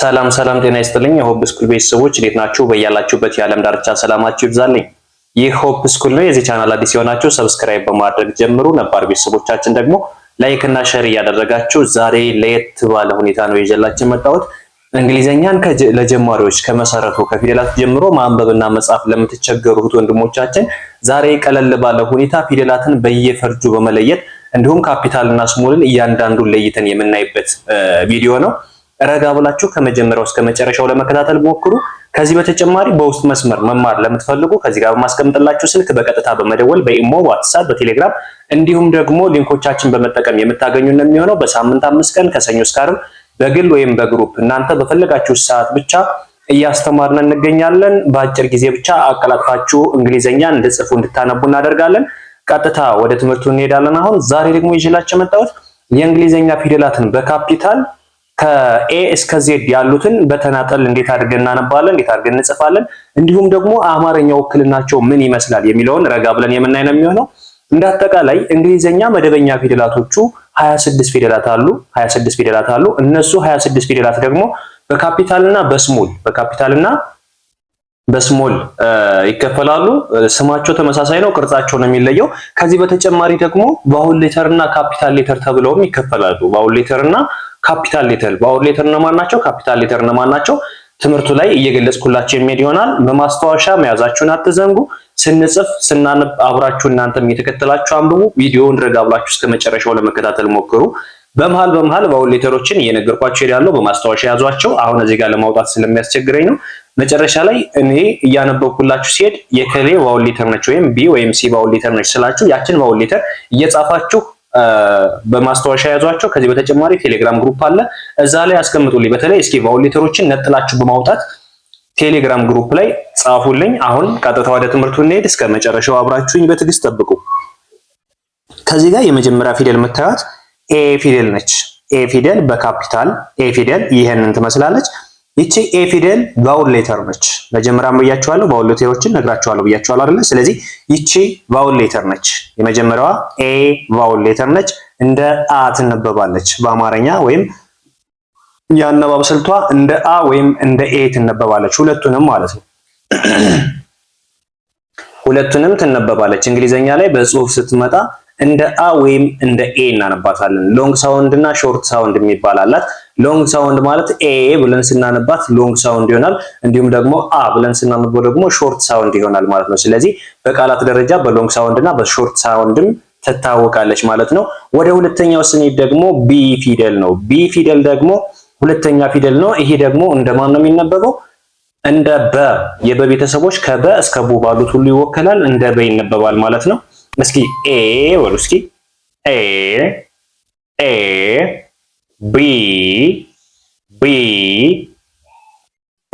ሰላም ሰላም፣ ጤና ይስጥልኝ የሆፕ ስኩል ቤተሰቦች እንዴት ናችሁ? በያላችሁበት የዓለም ዳርቻ ሰላማችሁ ይብዛልኝ። ይህ ሆፕ ስኩል ነው። የዚህ ቻናል አዲስ የሆናችሁ ሰብስክራይብ በማድረግ ጀምሩ። ነባር ቤተሰቦቻችን ደግሞ ላይክ እና ሸር እያደረጋችሁ፣ ዛሬ ለየት ባለ ሁኔታ ነው ይዤላችሁ መጣሁት። እንግሊዘኛን ለጀማሪዎች ከመሰረቱ ከፊደላት ጀምሮ ማንበብና መጻፍ ለምትቸገሩት ወንድሞቻችን ዛሬ ቀለል ባለ ሁኔታ ፊደላትን በየፈርጁ በመለየት እንዲሁም ካፒታልና ስሞልን እያንዳንዱን ለይተን የምናይበት ቪዲዮ ነው። ረጋ ብላችሁ ከመጀመሪያው እስከ መጨረሻው ለመከታተል ሞክሩ። ከዚህ በተጨማሪ በውስጥ መስመር መማር ለምትፈልጉ ከዚህ ጋር በማስቀምጥላችሁ ስልክ በቀጥታ በመደወል በኢሞ፣ ዋትሳፕ፣ በቴሌግራም እንዲሁም ደግሞ ሊንኮቻችን በመጠቀም የምታገኙ እንደሚሆነው በሳምንት አምስት ቀን ከሰኞ እስከ ዓርብ በግል ወይም በግሩፕ እናንተ በፈለጋችሁ ሰዓት ብቻ እያስተማርን እንገኛለን። በአጭር ጊዜ ብቻ አቀላጥፋችሁ እንግሊዘኛ እንድጽፉ እንድታነቡ እናደርጋለን። ቀጥታ ወደ ትምህርቱ እንሄዳለን። አሁን ዛሬ ደግሞ ይዤላችሁ የመጣሁት የእንግሊዘኛ ፊደላትን በካፒታል ከኤ እስከ ዜድ ያሉትን በተናጠል እንዴት አድርገን እናነባለን፣ እንዴት አድርገን እንጽፋለን፣ እንዲሁም ደግሞ አማርኛ ውክልናቸው ምን ይመስላል የሚለውን ረጋ ብለን የምናይ ነው የሚሆነው። እንደ አጠቃላይ እንግሊዘኛ መደበኛ ፊደላቶቹ 26 ፊደላት አሉ 26 ፊደላት አሉ። እነሱ 26 ፊደላት ደግሞ በካፒታልና በስሞል በካፒታልና በስሞል ይከፈላሉ። ስማቸው ተመሳሳይ ነው፣ ቅርጻቸው ነው የሚለየው። ከዚህ በተጨማሪ ደግሞ ቫውል ሌተር እና ካፒታል ሌተር ተብለውም ይከፈላሉ። ቫውል ሌተር እና ካፒታል ሌተር ባወር ሌተር እነማን ናቸው? ካፒታል ሌተር እነማን ናቸው? ትምህርቱ ላይ እየገለጽኩላችሁ የሚሄድ ይሆናል። በማስታወሻ መያዛችሁን አትዘንጉ። ስንጽፍ ስናነብ አብራችሁ እናንተም የተከተላችሁ አንብቡ። ቪዲዮውን ረጋ ብላችሁ እስከ መጨረሻው ለመከታተል ሞክሩ። በመሃል በመሃል ባውል ሌተሮችን እየነገርኳችሁ ሄዳለሁ። በማስታወሻ ያዟቸው። አሁን እዚህ ጋር ለማውጣት ስለሚያስቸግረኝ ነው። መጨረሻ ላይ እኔ እያነበብኩላችሁ ሲሄድ የከሌ ባውል ሌተር ነች ወይም ቢ ወይም ሲ ባውል ሌተር ነች ስላችሁ ያችን ባውል ሌተር እየጻፋችሁ በማስታወሻ ያዟቸው። ከዚህ በተጨማሪ ቴሌግራም ግሩፕ አለ፣ እዛ ላይ አስቀምጡልኝ። በተለይ እስኪ ቫውሌተሮችን ነጥላችሁ በማውጣት ቴሌግራም ግሩፕ ላይ ጻፉልኝ። አሁን ቀጥታ ወደ ትምህርቱ እንሄድ። እስከ መጨረሻው አብራችሁኝ በትዕግስት ጠብቁ። ከዚህ ጋር የመጀመሪያ ፊደል የምታዩት ኤ ፊደል ነች። ኤ ፊደል በካፒታል ኤ ፊደል ይህንን ትመስላለች። ይቺ ኤ ፊደል ቫውል ሌተር ነች። መጀመሪያም ብያችኋለሁ ቫውል ሌተሮችን ነግራችኋለሁ ብያችኋለሁ አይደለ? ስለዚህ ይቺ ቫውል ሌተር ነች። የመጀመሪያዋ ኤ ቫውል ሌተር ነች። እንደ አ ትነበባለች በአማርኛ ወይም የአነባብ ስልቷ እንደ አ ወይም እንደ ኤ ትነበባለች። ሁለቱንም ማለት ነው። ሁለቱንም ትነበባለች። እንግሊዘኛ ላይ በጽሁፍ ስትመጣ እንደ አ ወይም እንደ ኤ እናነባታለን። ሎንግ ሳውንድ እና ሾርት ሳውንድ የሚባል አላት። ሎንግ ሳውንድ ማለት ኤ ብለን ስናነባት ሎንግ ሳውንድ ይሆናል። እንዲሁም ደግሞ አ ብለን ስናነበው ደግሞ ሾርት ሳውንድ ይሆናል ማለት ነው። ስለዚህ በቃላት ደረጃ በሎንግ ሳውንድ እና በሾርት ሳውንድም ትታወቃለች ማለት ነው። ወደ ሁለተኛው ስንሄድ ደግሞ ቢ ፊደል ነው። ቢ ፊደል ደግሞ ሁለተኛ ፊደል ነው። ይሄ ደግሞ እንደማን ነው የሚነበበው? እንደ በ የበ ቤተሰቦች ከበ እስከ ቡ ባሉት ሁሉ ይወከላል። እንደ በ ይነበባል ማለት ነው። እስኪ ኤ ወሉ እስኪ ኤ ኤ ቢ ቢ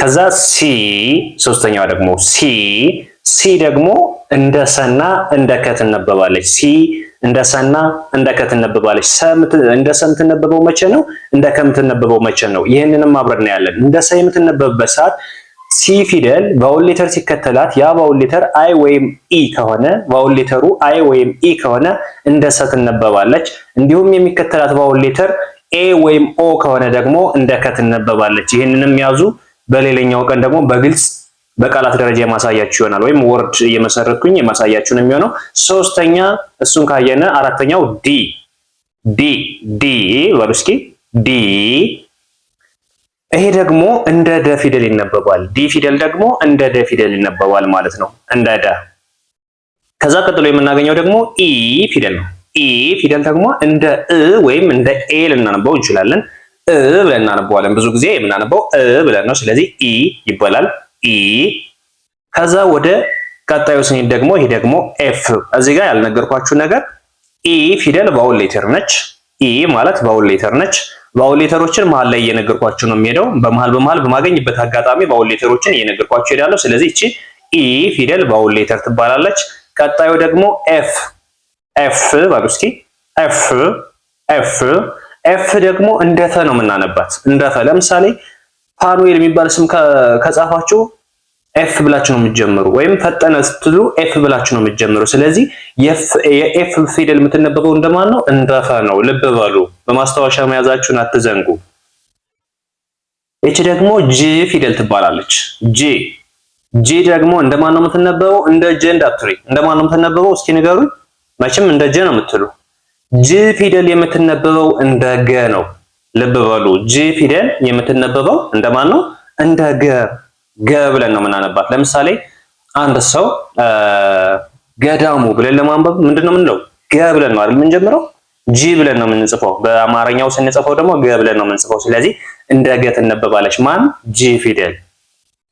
ከዛ ሲ ሶስተኛዋ ደግሞ ሲ ሲ ደግሞ እንደ ሰና እንደ ከ ትነበባለች። ሲ እንደ ሰና እንደ ከ ትነበባለች። እንደ ሰ የምትነበበው መቼ ነው? እንደ ከ የምትነበበው መቼ ነው? ይህንንም አብረን ነው ያለን። እንደ ሰ የምትነበብበት ሰዓት ሲ ፊደል ቫውል ሌተር ሲከተላት ያ ቫውል ሌተር አይ ወይም ኢ ከሆነ ቫውል ሌተሩ አይ ወይም ኢ ከሆነ እንደ ሰ ትነበባለች። እንዲሁም የሚከተላት ቫውል ሌተር ኤ ወይም ኦ ከሆነ ደግሞ እንደ ከ ትነበባለች። ይህንንም ያዙ። በሌላኛው ቀን ደግሞ በግልጽ በቃላት ደረጃ የማሳያችሁ ይሆናል፣ ወይም ወርድ እየመሰረትኩኝ የማሳያችሁ ነው የሚሆነው። ሶስተኛ እሱን ካየነ አራተኛው ዲ ዲ ዲ በሉ እስኪ ዲ። ይሄ ደግሞ እንደ ደ ፊደል ይነበባል። ዲ ፊደል ደግሞ እንደ ደ ፊደል ይነበባል ማለት ነው፣ እንደ ደ። ከዛ ቀጥሎ የምናገኘው ደግሞ ኢ ፊደል ነው። ኢ ፊደል ደግሞ እንደ እ ወይም እንደ ኤ ልናነበው እንችላለን። እ ብለን እናነበዋለን። ብዙ ጊዜ የምናነበው እ ብለን ነው። ስለዚህ ኢ ይባላል። ኢ ከዛ ወደ ቀጣዩ ስንሄድ ደግሞ ይሄ ደግሞ ኤፍ። እዚህ ጋር ያልነገርኳችሁ ነገር ኢ ፊደል ቫውል ሌተር ነች። ኢ ማለት ቫውል ሌተር ነች። ቫውል ሌተሮችን መሀል ላይ እየነገርኳችሁ ነው የሚሄደው። በመሀል በመሀል በማገኝበት አጋጣሚ ቫውል ሌተሮችን እየነገርኳችሁ ሄዳለሁ። ስለዚህ እቺ ኢ ፊደል ቫውል ሌተር ትባላለች። ቀጣዩ ደግሞ ኤፍ ኤፍ ባሉ እስኪ ኤፍ ኤፍ ኤፍ ደግሞ እንደተ ነው የምናነባት እንደተ። ለምሳሌ ፓኑኤል የሚባል ስም ከጻፋችሁ ኤፍ ብላችሁ ነው የምትጀምሩ፣ ወይም ፈጠነ ስትሉ ኤፍ ብላችሁ ነው የምትጀምሩ። ስለዚህ የኤፍ ፊደል የምትነበበው እንደማን ነው? እንደፈ ነው። ልብ በሉ፣ በማስታወሻ መያዛችሁን አትዘንጉ። ይቺ ደግሞ ጂ ፊደል ትባላለች። ጂ ጂ ደግሞ እንደማን ነው የምትነበበው? እንደ ጀ እንዳትሪ። እንደማን ነው የምትነበበው? እስኪ ንገሩኝ። መቼም እንደ ጀ ነው የምትሉ ጅ ፊደል የምትነበበው እንደ ገ ነው። ልብ በሉ ጅ ፊደል የምትነበበው እንደማን ነው? እንደ ገ ገ ብለን ነው የምናነባት። ለምሳሌ አንድ ሰው ገዳሙ ብለን ለማንበብ ምንድን ነው የምንለው? ገ ብለን ነው አይደል የምንጀምረው? ጂ ብለን ነው የምንጽፈው። በአማርኛው ስንጽፈው ደግሞ ገ ብለን ነው የምንጽፈው። ስለዚህ እንደ ገ ትነበባለች። ማን? ጂ ፊደል።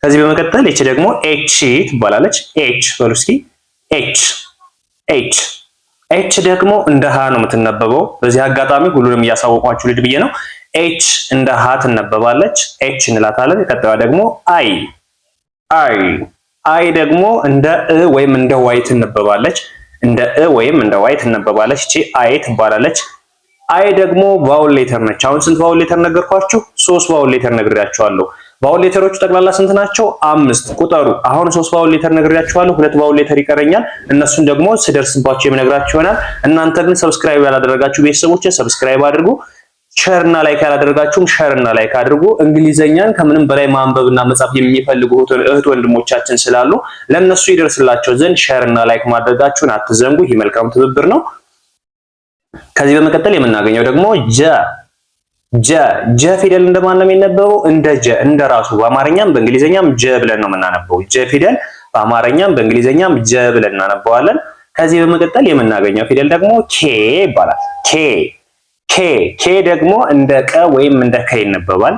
ከዚህ በመቀጠል እቺ ደግሞ ኤች ትባላለች። ኤች በሉ እስኪ ኤች ኤች ኤች ደግሞ እንደ ሀ ነው የምትነበበው። በዚህ አጋጣሚ ሁሉንም እያሳወቋችሁ ልድ ብዬ ነው። ኤች እንደ ሀ ትነበባለች፣ ኤች እንላታለን። የቀጣዩ ደግሞ አይ አይ አይ ደግሞ እንደ እ ወይም እንደ ዋይ ትነበባለች። እንደ እ ወይም እንደ ዋይ ትነበባለች። እቺ አይ ትባላለች። አይ ደግሞ ቫውል ሌተር ነች። አሁን ስንት ቫውል ሌተር ነገርኳችሁ? ሶስት ቫውል ሌተር ነግሬያችኋለሁ። ቫውል ሌተሮቹ ጠቅላላ ስንት ናቸው? አምስት ቁጠሩ። አሁን ሶስት ቫውል ሌተር ነግሬያችኋለሁ። ሁለት ቫውል ሌተር ይቀረኛል። እነሱን ደግሞ ስደርስባቸው የምነግራችሁ ይሆናል። እናንተ ግን ሰብስክራይብ ያላደረጋችሁ ቤተሰቦች ሰብስክራይብ አድርጉ። ሸር እና ላይክ ያላደረጋችሁም ሸር እና ላይክ አድርጉ። እንግሊዘኛን ከምንም በላይ ማንበብና መጻፍ የሚፈልጉ እህት ወንድሞቻችን ስላሉ ለእነሱ ይደርስላቸው ዘንድ ሸር እና ላይክ ማድረጋችሁን አትዘንጉ። ይህ መልካም ትብብር ነው። ከዚህ በመቀጠል የምናገኘው ደግሞ ጀ ጀ ጀ ፊደል እንደማን ነው የሚነበበው? እንደ ጀ እንደ ራሱ በአማርኛም በእንግሊዘኛም ጀ ብለን ነው የምናነበው። ጀ ፊደል በአማርኛም በእንግሊዘኛም ጀ ብለን እናነበዋለን። ከዚህ በመቀጠል የምናገኘው ፊደል ደግሞ ኬ ይባላል። ኬ ኬ ኬ ደግሞ እንደ ቀ ወይም እንደ ከ ይነበባል።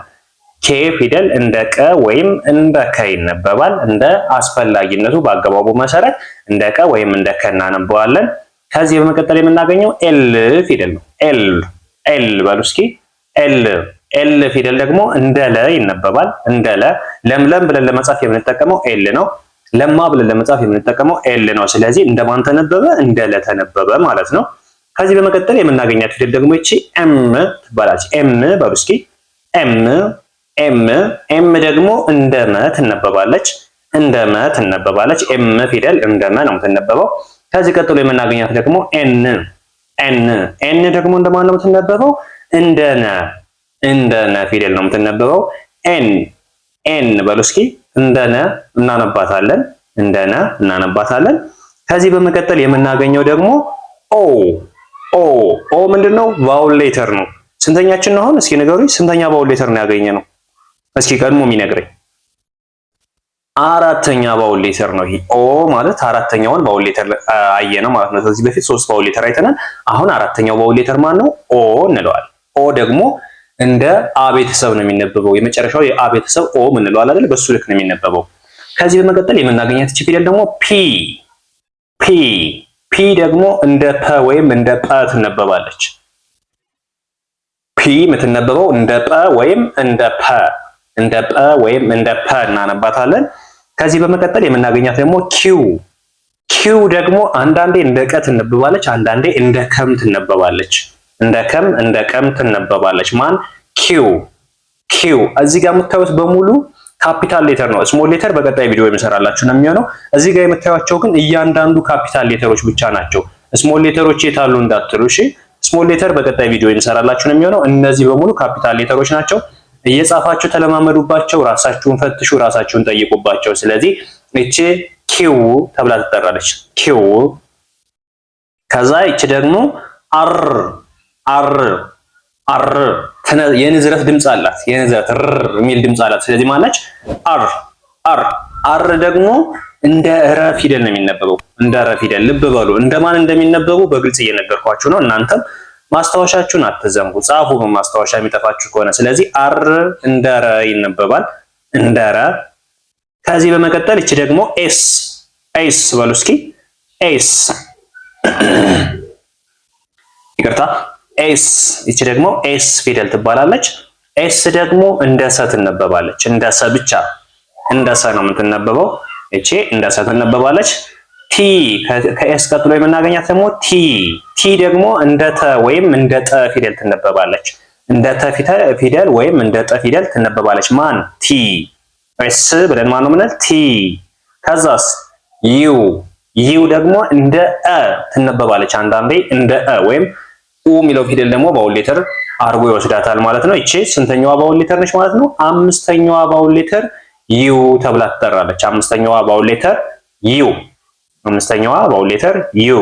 ኬ ፊደል እንደ ቀ ወይም እንደ ከ ይነበባል። እንደ አስፈላጊነቱ በአገባቡ መሰረት እንደ ቀ ወይም እንደ ከ እናነበዋለን። ከዚህ በመቀጠል የምናገኘው ኤል ፊደል ነው። ኤል ኤል በሉ እስኪ ኤል ኤል ፊደል ደግሞ እንደ ለ ይነበባል። እንደ ለ ለምለም ብለን ለመጻፍ የምንጠቀመው ኤል ነው። ለማ ብለን ለመጻፍ የምንጠቀመው ኤል ነው። ስለዚህ እንደማን ተነበበ? እንደ ለ ተነበበ ማለት ነው። ከዚህ በመቀጠል የምናገኛት ፊደል ደግሞ እቺ ኤም ትባላለች። ኤም በብስኪ ኤም ኤም ኤም ደግሞ እንደ መ ትነበባለች። እንደ መ ትነበባለች። ኤም ፊደል እንደ መ ነው የምትነበበው። ከዚህ ቀጥሎ የምናገኛት ደግሞ ኤን ኤን ኤን ደግሞ እንደማን ነው የምትነበበው? እንደ ነ እንደ ነ ፊደል ነው የምትነበበው። ኤን ኤን በሉ እስኪ እንደ ነ እናነባታለን። እንደ ነ እናነባታለን። ከዚህ በመቀጠል የምናገኘው ደግሞ ኦ ኦ ኦ ምንድነው? ቫውል ሌተር ነው። ስንተኛችን ነው አሁን? እስኪ ንገሩኝ። ስንተኛ ቫውል ሌተር ነው ያገኘ ነው? እስኪ ቀድሞ የሚነግረኝ አራተኛ ባውል ሌተር ነው ይሄ ኦ ማለት አራተኛውን ባውል ሌተር አየ ነው ማለት ነው። ከዚህ በፊት ሶስት ባውል ሌተር አይተናል። አሁን አራተኛው ባውል ሌተር ማን ነው? ኦ እንለዋል። ኦ ደግሞ እንደ አ ቤተሰብ ነው የሚነበበው። የመጨረሻው የአ ቤተሰብ ኦ እንለዋል አይደል? በሱ ልክ ነው የሚነበበው። ከዚህ በመቀጠል የምናገኛት እቺ ፊደል ደግሞ ፒ ፒ ፒ ደግሞ እንደ ፐ ወይም እንደ ጰ ትነበባለች። ፒ የምትነበበው እንደ ጰ ወይም እንደ ፐ እንደ ጰ ወይም እንደ ፐ እናነባታለን። ከዚህ በመቀጠል የምናገኛት ደግሞ ኪው ኪው ደግሞ አንዳንዴ እንደ ቀ ትነበባለች፣ አንዳንዴ እንደ ከም ትነበባለች። እንደ ከም እንደ ቀም ትነበባለች። ማን ኪው ኪው። እዚህ ጋር የምታዩት በሙሉ ካፒታል ሌተር ነው። ስሞል ሌተር በቀጣይ ቪዲዮ የምሰራላችሁ ነው የሚሆነው። እዚህ ጋር የምታዩቸው ግን እያንዳንዱ ካፒታል ሌተሮች ብቻ ናቸው። ስሞል ሌተሮች የታሉ እንዳትሉ፣ እሺ። ስሞል ሌተር በቀጣይ ቪዲዮ የምሰራላችሁ ነው የሚሆነው። እነዚህ በሙሉ ካፒታል ሌተሮች ናቸው። እየጻፋችሁ ተለማመዱባቸው። ራሳችሁን ፈትሹ፣ ራሳችሁን ጠይቁባቸው። ስለዚህ እቺ ኪው ተብላ ትጠራለች። ኪው ከዛ እቺ ደግሞ አር አር አር የንዝረት ድምፅ አላት። የንዝረት ር የሚል ድምፅ አላት። ስለዚህ ማለች አር አር አር ደግሞ እንደ ረ ፊደል ነው የሚነበበው። እንደ ረ ፊደል ልብ በሉ። እንደማን እንደሚነበቡ በግልጽ እየነገርኳችሁ ነው እናንተም ማስታወሻችሁን አትዘንጉ፣ ጻፉ። ማስታወሻ የሚጠፋችሁ ከሆነ ስለዚህ አር እንደረ ይነበባል፣ እንደረ። ከዚህ በመቀጠል እቺ ደግሞ ኤስ ኤስ በሉ እስኪ ኤስ፣ ይቅርታ ኤስ። እቺ ደግሞ ኤስ ፊደል ትባላለች። ኤስ ደግሞ እንደ ሰ ትነበባለች። እንደ ሰ ብቻ እንደ ሰ ነው የምትነበበው። እቺ እንደ ሰ ትነበባለች። ቲ ከኤስ ቀጥሎ የምናገኛት ደግሞ ቲ። ቲ ደግሞ እንደ ተ ወይም እንደ ጠ ፊደል ትነበባለች። እንደ ተ ፊደል ወይም እንደ ጠ ፊደል ትነበባለች። ማን ቲ። ኤስ ብለን ማን ነው የምንል? ቲ። ከዛስ ዩ። ዩ ደግሞ እንደ አ ትነበባለች። አንዳንዴ እንደ አ ወይም ኡ የሚለው ፊደል ደግሞ ባውል ሌተር አርጎ ይወስዳታል ማለት ነው። ይቺ ስንተኛዋ ባውል ሌተር ነች ማለት ነው? አምስተኛዋ ባውል ሌተር ዩ ተብላ ትጠራለች። አምስተኛዋ ባውል ሌተር ዩ አምስተኛዋ ቫውል ሌተር ዩ።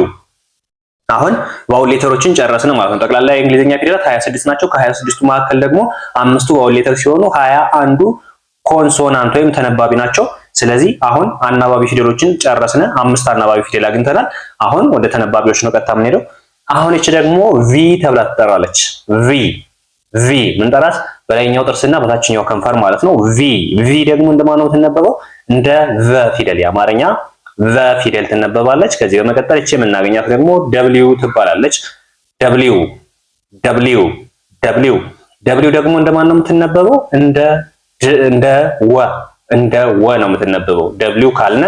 አሁን ቫውል ሌተሮችን ጨረስን ማለት ነው። ጠቅላላ የእንግሊዝኛ ፊደላት 26 ናቸው። ከ26ቱ መካከል ደግሞ አምስቱ ቫውል ሌተር ሲሆኑ ሀያ አንዱ ኮንሶናንት ወይም ተነባቢ ናቸው። ስለዚህ አሁን አናባቢ ፊደሎችን ጨረስን። አምስት አናባቢ ፊደል አግኝተናል። አሁን ወደ ተነባቢዎች ነው ቀጥታ የምንሄደው። አሁን እቺ ደግሞ ቪ ተብላ ትጠራለች። ቪ ቪ ምንጠራት በላይኛው ጥርስና በታችኛው ከንፈር ማለት ነው። ቪ ቪ ደግሞ እንደማን ነው የምትነበበው? እንደ ቨ ፊደል የአማርኛ ዘ ፊደል ትነበባለች። ከዚህ በመቀጠል እቺ የምናገኛት ደግሞ ደብሊው ትባላለች። ደብሊው ደብሊው ደብሊው ደብሊው ደግሞ እንደማን ነው የምትነበበው? እንደ እንደ ወ እንደ ወ ነው የምትነበበው። ደብሊው ካልነ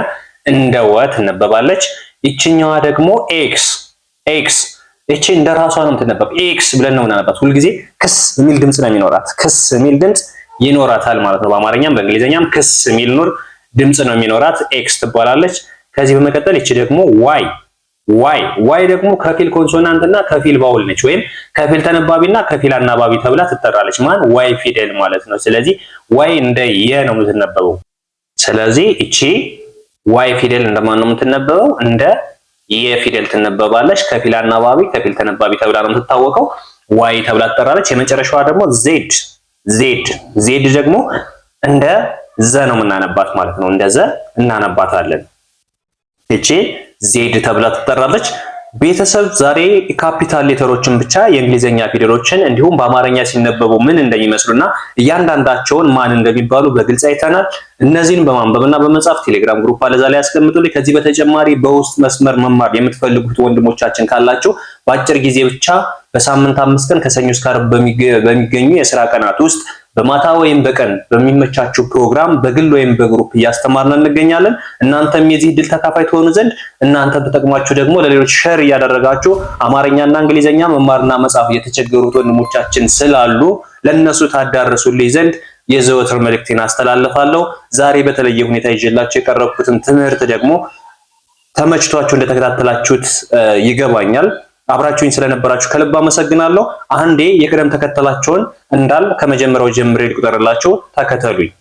እንደ ወ ትነበባለች። ይችኛዋ ደግሞ ኤክስ ኤክስ እቺ እንደ ራሷ ነው የምትነበብ። ኤክስ ብለን ነው የምናነባት። ሁልጊዜ ክስ የሚል ድምፅ ነው የሚኖራት። ክስ የሚል ድምጽ ይኖራታል ማለት ነው። በአማርኛም በእንግሊዝኛም ክስ የሚል ኑር ድምፅ ነው የሚኖራት። ኤክስ ትባላለች። ከዚህ በመቀጠል ይቺ ደግሞ ዋይ ዋይ ዋይ ደግሞ ከፊል ኮንሶናንት እና ከፊል ባውል ነች፣ ወይም ከፊል ተነባቢ እና ከፊል አናባቢ ተብላ ትጠራለች። ማን ዋይ ፊደል ማለት ነው። ስለዚህ ዋይ እንደ የ ነው የምትነበበው። ስለዚህ እቺ ዋይ ፊደል እንደማን ነው የምትነበበው? እንደ የ ፊደል ትነበባለች። ከፊል አናባቢ፣ ከፊል ተነባቢ ተብላ ነው የምትታወቀው። ዋይ ተብላ ትጠራለች። የመጨረሻዋ ደግሞ ዜድ ዜድ ዜድ ደግሞ እንደ ዘ ነው የምናነባት ማለት ነው። እንደ ዘ እናነባታለን። እቺ ዜድ ተብላ ትጠራለች። ቤተሰብ ዛሬ ካፒታል ሌተሮችን ብቻ የእንግሊዝኛ ፊደሎችን እንዲሁም በአማርኛ ሲነበቡ ምን እንደሚመስሉና እያንዳንዳቸውን ማን እንደሚባሉ በግልጽ አይተናል። እነዚህን በማንበብና በመጻፍ ቴሌግራም ግሩፕ አለዛ ላይ ያስቀምጡልኝ። ከዚህ በተጨማሪ በውስጥ መስመር መማር የምትፈልጉት ወንድሞቻችን ካላችሁ በአጭር ጊዜ ብቻ በሳምንት አምስት ቀን ከሰኞ እስከ ዓርብ በሚገኙ የስራ ቀናት ውስጥ በማታ ወይም በቀን በሚመቻችሁ ፕሮግራም በግል ወይም በግሩፕ እያስተማርን እንገኛለን። እናንተም የዚህ ድል ተካፋይ ትሆኑ ዘንድ እናንተ ተጠቅማችሁ ደግሞ ለሌሎች ሸር እያደረጋችሁ አማርኛና እንግሊዝኛ መማርና መጻፍ የተቸገሩት ወንድሞቻችን ስላሉ ለነሱ ታዳርሱልኝ ዘንድ የዘወትር መልእክቴን አስተላልፋለሁ። ዛሬ በተለየ ሁኔታ ይዤላችሁ የቀረብኩትን ትምህርት ደግሞ ተመችቷችሁ እንደተከታተላችሁት ይገባኛል። አብራችሁኝ ስለነበራችሁ ከልብ አመሰግናለሁ። አንዴ የቅደም ተከተላቸውን እንዳል ከመጀመሪያው ጀምሬ ልቁጠርላችሁ፣ ተከተሉኝ።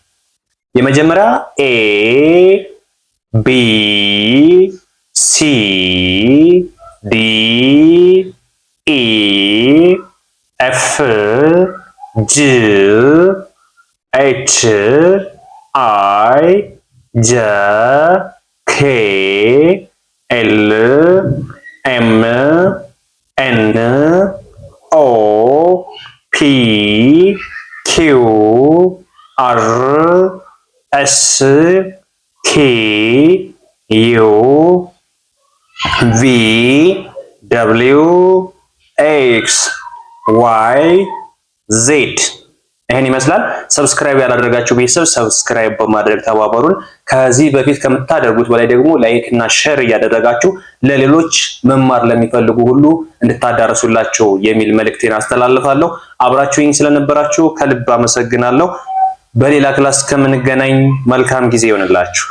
የመጀመሪያ ኤ ቢ ሲ ዲ ኢ ኤፍ ጂ ኤች አይ ጀ ኬ ኤል ኤም ኤን ኦ ፒ ኪው አር ኤስ ኬ ዩ ቪ ደብሊው ኤክስ ዋይ ዜድ ይህን ይመስላል። ሰብስክራይብ ያላደረጋችሁ ቤተሰብ ሰብስክራይብ በማድረግ ተባበሩን። ከዚህ በፊት ከምታደርጉት በላይ ደግሞ ላይክ እና ሼር እያደረጋችሁ ለሌሎች መማር ለሚፈልጉ ሁሉ እንድታዳርሱላቸው የሚል መልእክቴን አስተላልፋለሁ። አብራችሁኝ ስለነበራችሁ ከልብ አመሰግናለሁ። በሌላ ክላስ ከምንገናኝ መልካም ጊዜ ይሆንላችሁ።